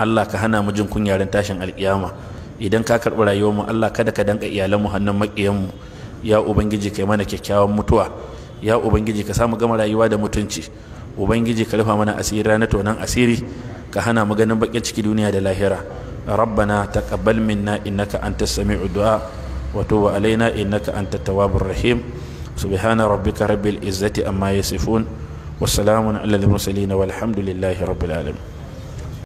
Allah ka hana mu jin kunyaren tashin alkiyama idan ka karɓi rayuwar mu Allah kada ka danka iyalan mu hannun makiyan mu ya ubangiji kai mana kyakkyawan mutuwa ya ubangiji ka samu gama rayuwa da mutunci ubangiji ka rufa mana asiri ranar tonan asiri ka hana mu ganin bakin ciki duniya da lahira rabbana taqabbal minna innaka antas sami'u du'a wa tub alaina innaka antat tawwabur rahim subhana rabbika rabbil izzati amma yasifun wassalamun alal mursalin walhamdulillahi rabbil alamin